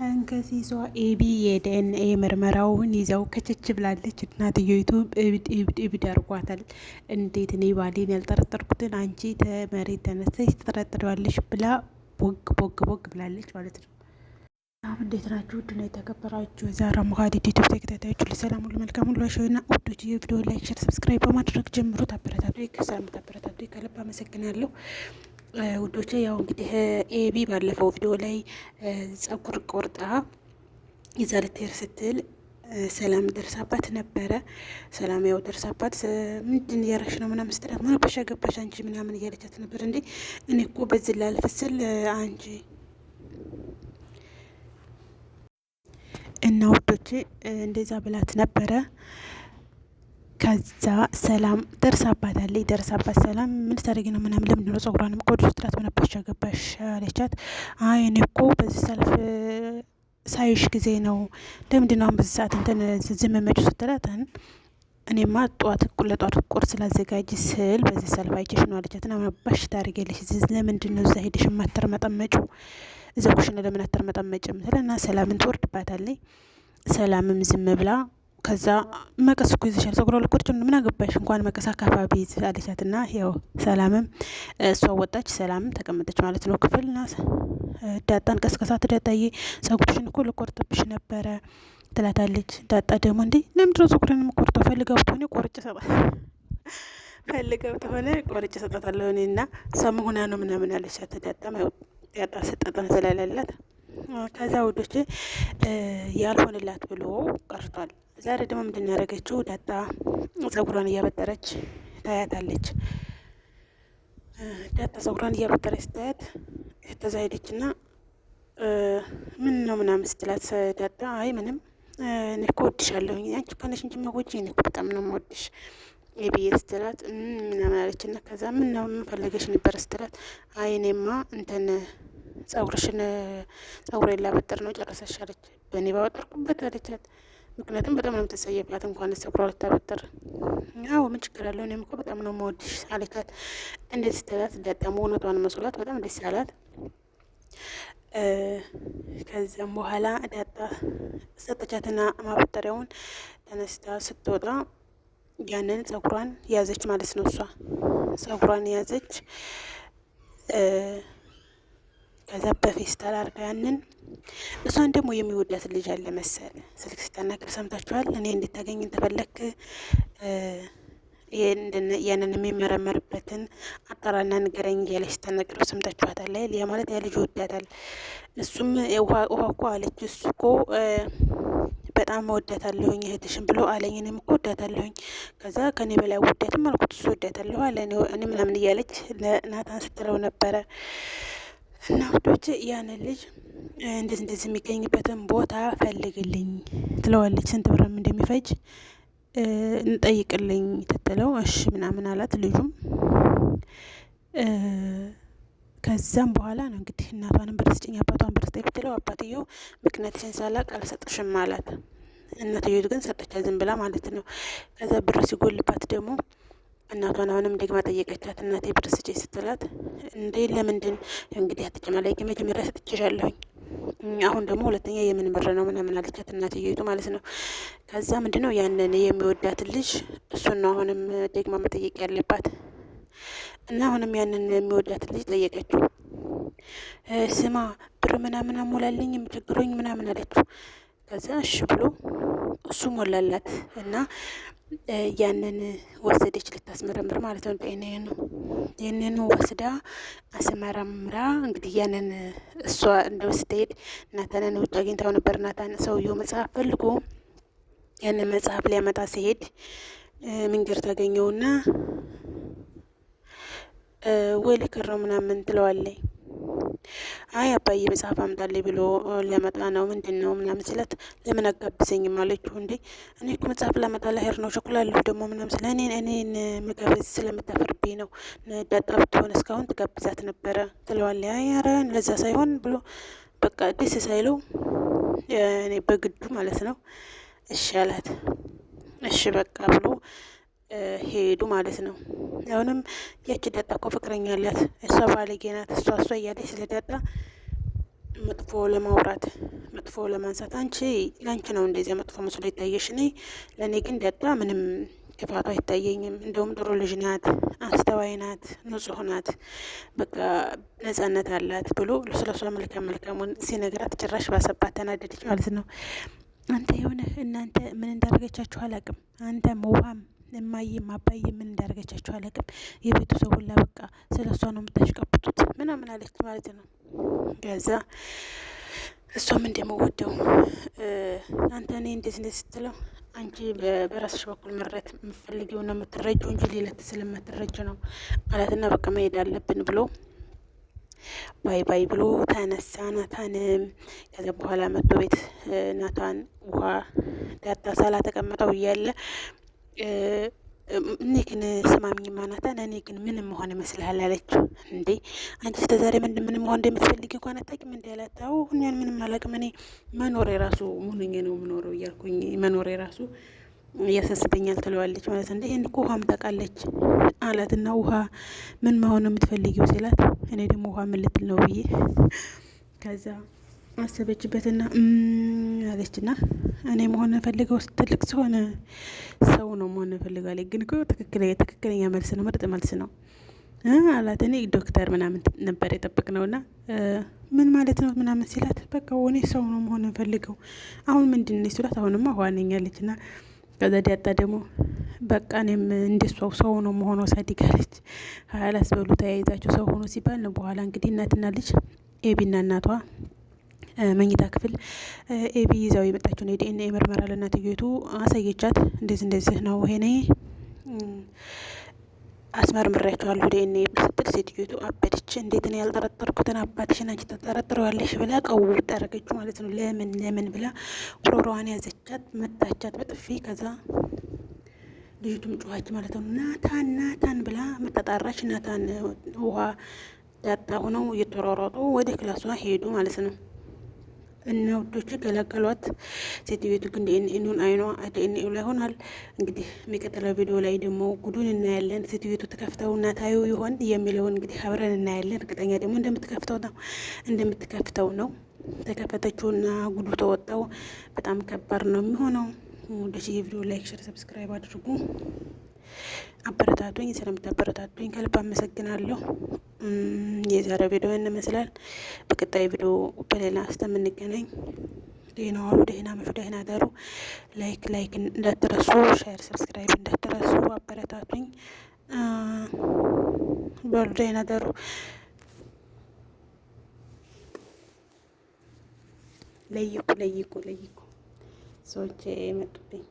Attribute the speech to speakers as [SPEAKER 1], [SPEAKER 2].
[SPEAKER 1] ተንከሲሷ ኤቢ የዲኤንኤ ምርመራውን ይዘው ከችች ብላለች። እናትየይቱ እብድ እብድ እብድ አርጓታል። እንዴት እኔ ባሌን ያልጠረጠርኩትን አንቺ ተመሬት ተነሳች ትጠረጥሪዋለሽ ብላ ቦግ ቦግ ቦግ ብላለች ማለት ነው። ሰላም እንዴት ናችሁ? ውድ ነው የተከበራችሁ የዛራ ሙሀዲ ዩቲዩብ ተከታታዮች ሁሉ ሰላም ሁሉ መልካም ሁሉ ና ውዶች፣ የቪዲዮ ላይክ፣ ሸር፣ ሰብስክራይብ በማድረግ ጀምሮ ታበረታቱ ከሳም ታበረታቱ ከልብ አመሰግናለሁ። ውዶቼ ያው እንግዲህ ኤቢ ባለፈው ቪዲዮ ላይ ጸጉር ቆርጣ ይዛ ልትሄድ ስትል ሰላም ደርሳባት ነበረ። ሰላም ያው ደርሳባት ምንድን ያረሽ ነው ምናምን ስትላት ምን አባሽ አንቺ ምናምን እያለቻት ነበር። እንዴ እኔ እኮ በዚህ ላልፍ ስል አንቺ እና ውዶቼ እንደዛ ብላት ነበረ። ከዛ ሰላም ደርሳባታለች። ደርሳባት ሰላም ምን ታደርጊ ነው ምናምን ለምንድን ነው ጸጉሯንም ቆድ ስትላት ምን አባሽ አለቻት። አይ እኔ እኮ በዚህ ሰልፍ ሳይሽ ጊዜ ነው ለምንድን ነው በዚህ ሰዓት እንትን ዝም መጪ ስትላት እኔማ ጠዋት ለጠዋት ቁርስ ስላዘጋጅ ስል በዚህ ሰልፍ አይችሽ ነው አለቻት። ና ምናባሽ ታደርጊያለሽ ለምንድን ነው እዛ ሄደሽ የማተርመጠመጩ እዛ ኩሽና ለምን አተርመጠመጭም ትለና ሰላምን ትወርድባታለች። ሰላምም ዝም ብላ ከዛ መቀስ እኮ ይዘሻል ጸጉሯ ልቆርጭ ምን አገባሽ እንኳን መቀስ አካፋቢ አለቻት። ና ያው ሰላምም እሷ ወጣች፣ ሰላምም ተቀመጠች ማለት ነው ክፍል ና ዳጣን ቀስቀሳት። ዳጣዬ ጸጉርሽን እኮ ልቆርጥብሽ ነበረ ትላታለች። ዳጣ ደግሞ እንዴ ለምድሮ ጸጉርን የምቆርጠው? ፈልጋው ተሆነ ቆርጭ ሰጣ ፈልገው ተሆነ ቆርጭ ሰጣታለሁ እኔ ና ሰሙሁና ነው ምናምን አለቻት። ዳጣ ዳጣ ስጠጠን ስለሌላት ከዛ ውዶች ያልሆንላት ብሎ ቀርቷል። ዛሬ ደግሞ ምንድን ያደረገችው ዳጣ ጸጉሯን እያበጠረች ታያታለች። ዳጣ ጸጉሯን እያበጠረች ስታያት ተዛ ሄደች እና ምን ነው ምናምን ስትላት ዳጣ አይ ምንም እኔ እኮ ወድሻለሁ አንቺ ከነሽ እንጂ መጎጂ እኔ እኮ በጣም ነው የምወድሽ የብዬ ስትላት ምናምን አለች እና ከዛ ምን ነው ምን ፈለገሽ ነበር ስትላት አይ እኔማ እንትን ጸጉርሽን ጸጉሬን ላበጥር ነው ጨረሰሽ አለች። በእኔ ባበጠርኩበት አለቻት። ምክንያቱም በጣም ነው የምትጸየፊያት እንኳን ጸጉሯ ልታበጠር። አዎ ምን ችግር አለው እኔም እኮ በጣም ነው የምወድሽ አለቻት። እንዴት ስትላት እንዳጣሙ እውነቷን መስሏት በጣም ደስ አላት። ከዚያም በኋላ ዳጣ ሰጠቻትና ማበጠሪያውን ተነስታ ስትወጣ ያንን ጸጉሯን ያዘች ማለት ነው። እሷ ጸጉሯን ያዘች። ከዛ በፌስታል አድርጋ ያንን እሷን ደግሞ የሚወዳት ልጅ አለ መሰል ስልክ ስታናግር ሰምታችኋል። እኔ እንድታገኝ ተፈለክ ያንን የሚመረመርበትን አጣራና ንገረኝ እያለች ስታናግረው ሰምታችኋታል። ላይ ያ ማለት ያ ልጅ ወዳታል። እሱም ውሃ እኮ አለች እሱ እኮ በጣም እወዳታለሁኝ እህትሽን ብሎ አለኝ። እኔም እኮ እወዳታለሁኝ። ከዛ ከኔ በላይ ወዳትም አልኩት እሱ ወዳታለሁ አለ እኔ ምናምን እያለች ለናታን ስትለው ነበረ። እና ውዶች ያን ልጅ እንደዚህ እንደዚህ የሚገኝበትን ቦታ ፈልግልኝ ትለዋለች። ስንት ብርም እንደሚፈጅ እንጠይቅልኝ ትትለው እሺ ምናምን አላት ልጁም። ከዛም በኋላ ነው እንግዲህ እናቷንም ብር ስጭኝ አባቷን ብር ስጠኝ ብትለው አባትየው ምክንያትሽን ሳላቅ አልሰጥሽም አላት። እናትየው ግን ሰጠቻት ዝም ብላ ማለት ነው። ከዛ ብር ሲጎልባት ደግሞ እናቷን አሁንም ደግማ ጠየቀቻት። እናቴ ብር ስጪኝ ስትላት እንዴ ለምንድን እንግዲህ ላይ መጀመሪያ ሰጥቼሻለሁኝ አሁን ደግሞ ሁለተኛ የምን ብር ነው ምናምን አለቻት እናትየቱ ማለት ነው። ከዛ ምንድን ነው ያንን የሚወዳትን ልጅ እሱን ነው አሁንም ደግማ መጠየቅ ያለባት እና አሁንም ያንን የሚወዳትን ልጅ ጠየቀችው። ስማ ብር ምናምን አሞላልኝ ቸግሮኝ ምናምን አለችው። ከዛ እሺ ብሎ እሱ ሞላላት እና ያንን ወሰደች ልታስመረምር ማለት ነው። ዲኤንኤ ነው። ይህንን ወስዳ አስመረምራ እንግዲህ ያንን እሷ እንደው ስትሄድ ናታንን ውጭ አግኝታው ነበር። ናታን ሰውየው መጽሐፍ ፈልጎ ያንን መጽሐፍ ሊያመጣ ሲሄድ ምንገር ታገኘውና ወይ ልክር ነው ምናምን ትለዋለኝ አይ አባዬ መጽሐፍ አምጣልኝ ብሎ ለመጣ ነው ምንድን ነው ምናምን ስላት ለምን አጋብዘኝም አለችው። እንዴ እኔ እኮ መጽሐፍ ላመጣ ላሄር ነው ቸኩላለሁ ደግሞ ምናምን ስለ እኔ እኔን መጋበዝ ስለምታፈርብኝ ነው ዳጣ ብትሆን እስካሁን ትጋብዛት ነበረ ትለዋለ። አይ ኧረ ለዛ ሳይሆን ብሎ በቃ ደስ ሳይለው እኔ በግዱ ማለት ነው እሺ አላት። እሺ በቃ ብሎ ሄዱ ማለት ነው። አሁንም ያቺ ዳጣ እኮ ፍቅረኛ አላት፣ እሷ ባለጌ ናት፣ እሷ እሷ እያለች ስለ ዳጣ መጥፎ ለማውራት መጥፎ ለማንሳት፣ አንቺ ለአንቺ ነው እንደዚያ መጥፎ መስሎ ይታየሽ። እኔ ለእኔ ግን ዳጣ ምንም ክፋቷ አይታየኝም። እንደውም ጥሩ ልጅ ናት፣ አስተዋይ ናት፣ ናት፣ በቃ ነጻነት አላት ብሎ ስለሷ መልካም መልካሙን ሲነግራት ጭራሽ ባሰባት ተናደደች ማለት ነው። አንተ የሆነ እናንተ ምን እንዳደረገቻችሁ አላቅም። አንተ ውሃም እማዬም አባዬ ምን እንዳደረገቻቸው አለቅም። የቤቱ ሰው ሁላ በቃ ስለ እሷ ነው የምታሽቀብጡት ምናምን አለች ማለት ነው። ከዛ እሷም እንደመወደው አንተ እኔ እንዴት እንዴት ስትለው አንቺ በራስሽ በኩል መረት የምትፈልጊው ነው የምትረጂው እንጂ ሌላ ስለምትረጅ ነው አላትና በቃ መሄድ አለብን ብሎ ባይ ባይ ብሎ ተነሳ። ናታንም ከዚያ በኋላ መጥቶ ቤት ናታን ውሃ ዳጣ ሳላ ተቀምጠው እያለ እኔ ግን ስማምኝ ማናታን እኔ ግን ምን መሆን ይመስልሃል? አለችው። እንዴ አንቺ ተዛሬ ምንድን ምን መሆን እንደምትፈልጊ እንኳን አታውቂም እንዲ ያላት። አዎ እኔን ምንም አላውቅም። እኔ መኖር የራሱ ሙኑኝ ነው የምኖረው እያልኩኝ መኖር የራሱ እያሳስበኛል ትለዋለች ማለት እንዴ ይህን እኮ ውሃም ታውቃለች አላት። እና ውሃ ምን መሆን ነው የምትፈልጊው ሲላት፣ እኔ ደግሞ ውሃ ምን ልትል ነው ብዬ ከዛ አሰበችበትና አለችና እኔ መሆን ፈልገው ትልቅ ሲሆን ሰው ነው መሆን ፈልገው አለ። ግን ትክክለኛ መልስ ነው፣ ምርጥ መልስ ነው አላት። እኔ ዶክተር ምናምን ነበር የጠበቅ ነውና ምን ማለት ነው ምናምን ሲላት፣ በቃ እኔ ሰው ነው መሆን ፈልገው አሁን ምንድን ነው ሲላት፣ አሁንማ ዋነኛለች ና ከዛ ዳጣ ደግሞ በቃ እኔም እንደሷ ሰው ነው መሆኗ ሳዲጋለች። ሀያላስ በሉ ተያይዛቸው ሰው ሆኖ ሲባል ነው በኋላ እንግዲህ እናትና ልጅ ኤቢና እናቷ መኝታ ክፍል ኤቢ ይዛው የመጣችውን የዲኤንኤ ምርመራ ለእናትዮቱ አሳየቻት። እንደዚህ እንደዚህ ነው ይሄኔ አስመርምሬያቸዋለሁ ዲኤንኤ ስትል ሴትዮቱ አበደች። እንዴት ነው ያልጠረጠርኩትን አባትሽን አንቺ ተጠረጥረዋለሽ ብላ ቀው ጠረገች ማለት ነው። ለምን ለምን ብላ ጉሮሮዋን ያዘቻት፣ መታቻት በጥፊ ከዛ ልጅቱም ጩኋች ማለት ነው። ናታን ናታን ብላ መጣጣራች። ናታን ውሃ ዳጣ ሆነው እየተሯሯጡ ወደ ክላሷ ሄዱ ማለት ነው። እና ውዶች ገለገሏት። ሴትዮቱ ግን ዲኤንኤኑን አይኗ ዲኤንኤው ላይ ሆናል። እንግዲህ የሚቀጥለው ቪዲዮ ላይ ደግሞ ጉዱን እናያለን። ሴትዮቱ ተከፍተው እናታዩ ይሆን የሚለውን እንግዲህ አብረን እናያለን። እርግጠኛ ደግሞ እንደምትከፍተው ነው እንደምትከፍተው ነው። ተከፈተችውና ጉዱ ተወጣው። በጣም ከባድ ነው የሚሆነው። ውዶች የቪዲዮ ላይክ፣ ሸር፣ ሰብስክራይብ አድርጉ። አበረታቱኝ። ስለምታበረታቱኝ ከልብ አመሰግናለሁ። የዛሬ ቪዲዮ እንመስላል። በቀጣይ ቪዲዮ በሌላ እስከምንገናኝ ጤና ዋሉ፣ ደህና መሹ፣ ደህና ደሩ። ላይክ ላይክ እንዳትረሱ፣ ሼር ሰብስክራይብ እንዳትረሱ። አበረታቱኝ በሉ፣ ደህና ደሩ። ለይኩ ለይኩ ለይኩ ሰዎች መጡብኝ።